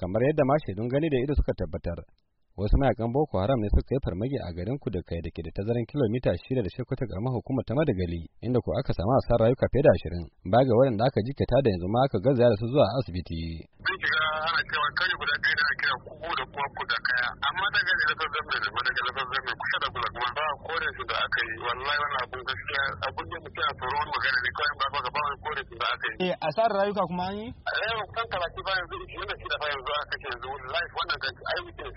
kamar yadda ma shaidun gani da ido suka tabbatar wasu mayakan boko haram ne suka yi farmaki a garin ku da kai da ke da tazarin kilomita shida da shekwata karamar hukumar ta madagali inda ku aka samu asarar rayuka fiye da ashirin ba ga waɗanda aka jikata da yanzu ma aka garzaya da su zuwa asibiti. duk da ana cewa kare guda ɗaya da ake a kuku da kuwa da kaya amma da ne lafar zambe da madagali lafar zambe kusa da gulag su da aka yi wallahi wannan abun gaskiya abun da mutum a tsoro wani magana ne kawai ba ga bawai kore su da aka yi. Eh a asarar rayuka kuma an yi? A yau kan talatin ba yanzu ishirin da shida ba yanzu aka ce yanzu wallahi wannan kan ai mutum.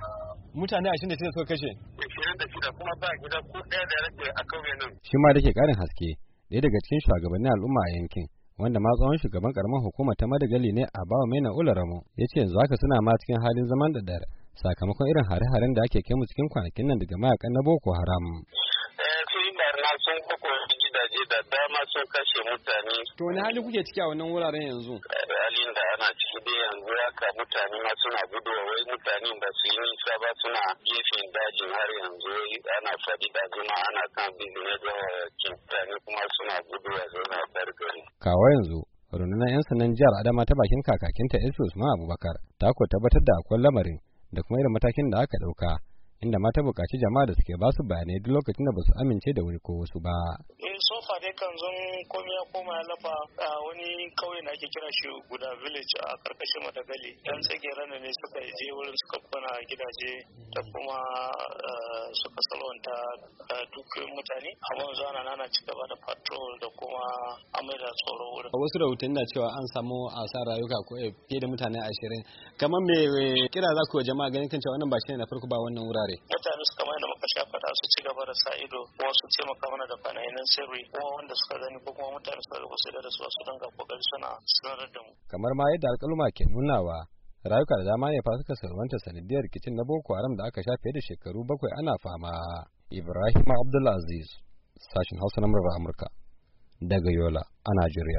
Mutane ashirin da shida suka kashe? Ishirin da shida kuma ba gida ko ɗaya da ya rage a kauye nan. Shi ma da ke ƙarin haske ɗaya daga cikin shugabannin al'umma a yankin. wanda ma tsawon shugaban karamar hukumar ta madagali ne a bawa maina ularamo ya ce yanzu haka suna ma cikin halin zaman da dare sakamakon irin hare-haren da ake kai mu cikin kwanakin nan daga mayakan na boko haram na sun kwakwace gidaje da dama sun kashe mutane. To wani hali kuke ciki a wannan wuraren yanzu? Eh, halin da ana ciki da yanzu haka mutane ma suna gudowa wai mutane ba su yi nisa ba suna gefen daji har yanzu wai ana faɗi da zuma ana kan business da mutane kuma suna guduwa suna bargari. Kawo yanzu rundunar 'yan sandan jihar adama ta bakin kakakinta isu usman abubakar ta ko tabbatar da akwai lamarin da kuma irin matakin da aka ɗauka inda ma ta buƙaci jama'a da suke basu bayanai duk lokacin da ba su amince da wuri ko wasu ba. Eh sofa dai kan zon komai ya koma ya lafa a wani kauye na ake kira shi guda village a ƙarƙashin Madagali. Yan tsagerar ne suka je wurin suka kwana gidaje da kuma eh, suka salwanta eh, dukiyoyin mutane amma yanzu ana nana ci gaba da patrol da kuma amai da tsoro wurin a wasu rahoton na cewa an samu asarar rayuka ko eh, fiye da mutane ashirin kamar me kira za ku wa jama'a ganin kan cewa wannan ba shi ne na farko ba wannan wurare mutane su kamar yadda muka sha faɗa su ci gaba da sa ido kuma su maka mana da fanayinan sirri kuma wanda suka gani ko kuma mutane suka ga su da su su dinga kokari suna sanar da mu kamar ma yadda alƙaluma ke nunawa rayuka da dama ne fa suka sarwanta sanadiyar rikicin na boko haram da aka sha fiye da shekaru bakwai ana fama ibrahim abdulaziz sashen hausa na murar amurka daga yola a najeriya